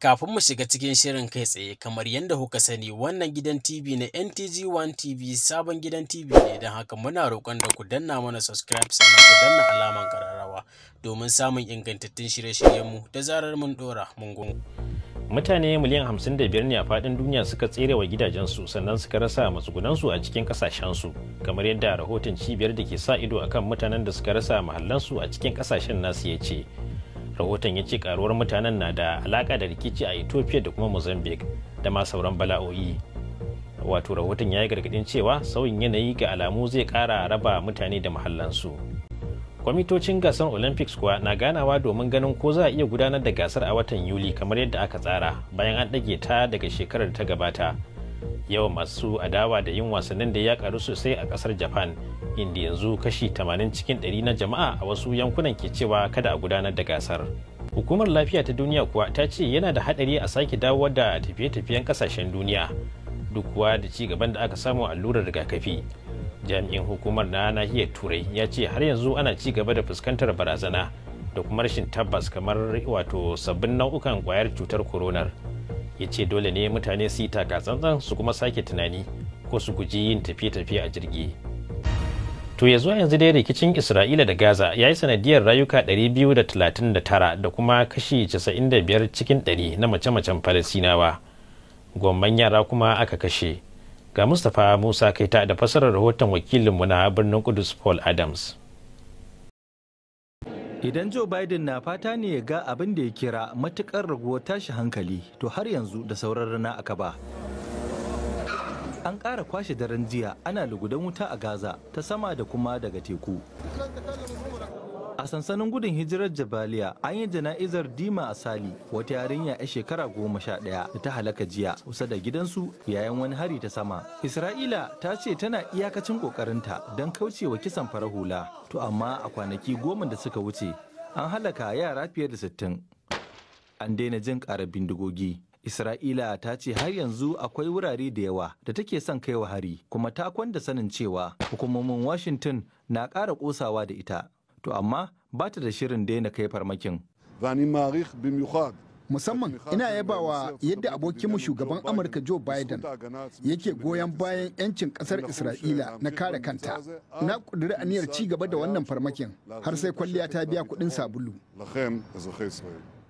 Kafin mu shiga cikin shirin kai tsaye kamar yadda kuka sani wannan gidan TV na NTG1 TV sabon gidan TV ne don haka muna roƙon da ku danna mana subscribe sannan ku danna alaman kararrawa domin samun ingantattun shirye-shiryenmu da zarar mun ɗora mun gungu. mutane miliyan 55 ne a fadin duniya suka tsere wa gidajensu sannan suka rasa matsugunansu a cikin kasashensu kamar yadda rahoton cibiyar da ke sa ido akan mutanen da suka rasa mahallansu a cikin kasashen nasu ya ce rahoton ya ce karuwar mutanen na da alaka da rikici a ethiopia da kuma mozambique da ma sauran bala'o'i wato rahoton ya yi gargadin cewa sauyin yanayi ga alamu zai kara raba mutane da mahallansu kwamitocin gasar olympics kuwa na ganawa domin ganin ko za a iya gudanar da gasar a watan yuli kamar yadda aka tsara bayan an ɗage ta daga shekarar ta gabata yawan masu adawa da yin wasannin da ya karu sosai a kasar japan inda yanzu kashi 80 cikin 100 na jama'a a wasu yankunan ke cewa kada a gudanar da gasar hukumar lafiya ta duniya kuwa ta ce yana da hadari a sake dawo da tafiye-tafiyen kasashen duniya duk kuwa da ci gaban da aka samu allurar rigakafi jami'in hukumar na nahiyar turai ya ce har yanzu ana ci gaba da fuskantar barazana da kuma rashin tabbas kamar wato sabbin nau'ukan kwayar cutar koronar ya ce dole ne mutane su yi takatsantsan su kuma sake tunani ko su guji yin tafiye-tafiye a jirgi to ya zuwa yanzu dai rikicin isra'ila da gaza ya yi sanadiyar rayuka 239 da kuma kashi 95 cikin 100 na mace-macen falasinawa gwamman yara kuma aka kashe ga mustapha musa kaita da fasarar rahoton wakilinmu na birnin kudus paul adams Idan Joe Biden na fata ne ya ga abin da ya kira matukar raguwar tashi hankali to har yanzu da sauran rana aka ba. An ƙara kwashe daren jiya ana lugudan wuta a Gaza ta sama da kuma daga teku. A sansanin gudun hijirar Jabaliya an yi jana'izar Dima Asali wata yarinya 'ya shekara goma sha ɗaya da ta halaka jiya kusa da gidansu yayin wani hari ta sama. Isra'ila ta ce tana iyakacin ƙoƙarinta don kaucewa kisan fara hula. To amma a kwanaki goma da suka wuce an halaka yara fiye da sittin. An daina jin ƙarar bindigogi. Isra'ila ta ce har yanzu akwai wurare da yawa da take son kaiwa hari kuma ta kwanda sanin cewa hukumomin Washington na ƙara ƙosawa da ita. to amma ba ta da shirin daina kai farmakin. Musamman ina yabawa yadda abokinmu shugaban Amurka Joe Biden yake goyon bayan 'yancin kasar Isra'ila na kare kanta. Na ƙudiri aniyar ci gaba da wannan farmakin har sai kwalliya ta biya kuɗin sabulu.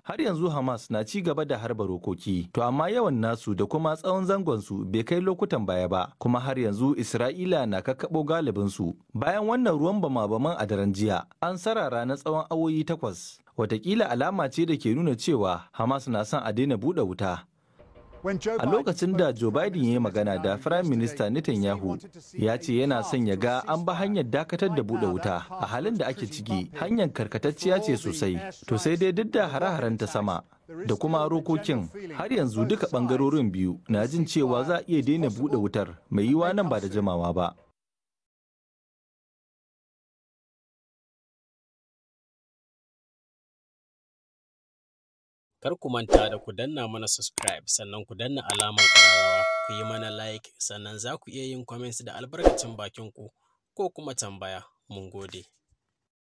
har yanzu Hamas na ci gaba da harba rokoki. To amma yawan nasu da kuma tsawon zangon su bai kai lokutan baya ba, kuma har yanzu Isra'ila na kakkaɓo galibin su. Bayan wannan ruwan bama-baman a daren jiya, an sarara na tsawon awoyi takwas. Wataƙila alama ce da ke nuna cewa Hamas na son a daina buɗe wuta. A lokacin da Joe Biden ya yi magana da Firayim Minista Netanyahu ya ce yana son ya ga an ba hanyar dakatar da buɗe wuta a halin da ake ciki hanyar karkatacciya ce sosai. To sai dai duk da hare-haren ta sama da kuma rokokin har yanzu duka ɓangarorin biyu na jin cewa za a iya daina buɗe wutar mai yiwa nan ba da jimawa ba. Kar ku manta da ku danna mana subscribe sannan ku danna alamar ƙararrawa ku yi mana like sannan za ku iya yin comments da albarkacin bakin ku ko kuma tambaya. Mun gode.